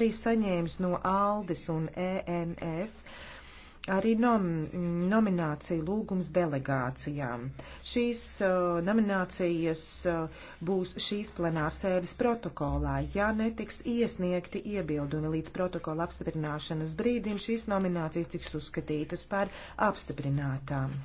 arī saņēmis no ALDES un ENF arī nom nomināciju lūgums delegācijām. Šīs uh, nominācijas uh, būs šīs plenārsēdes protokolā. Ja netiks iesniegti iebildumi līdz protokola apstiprināšanas brīdim, šīs nominācijas tiks uzskatītas par apstiprinātām.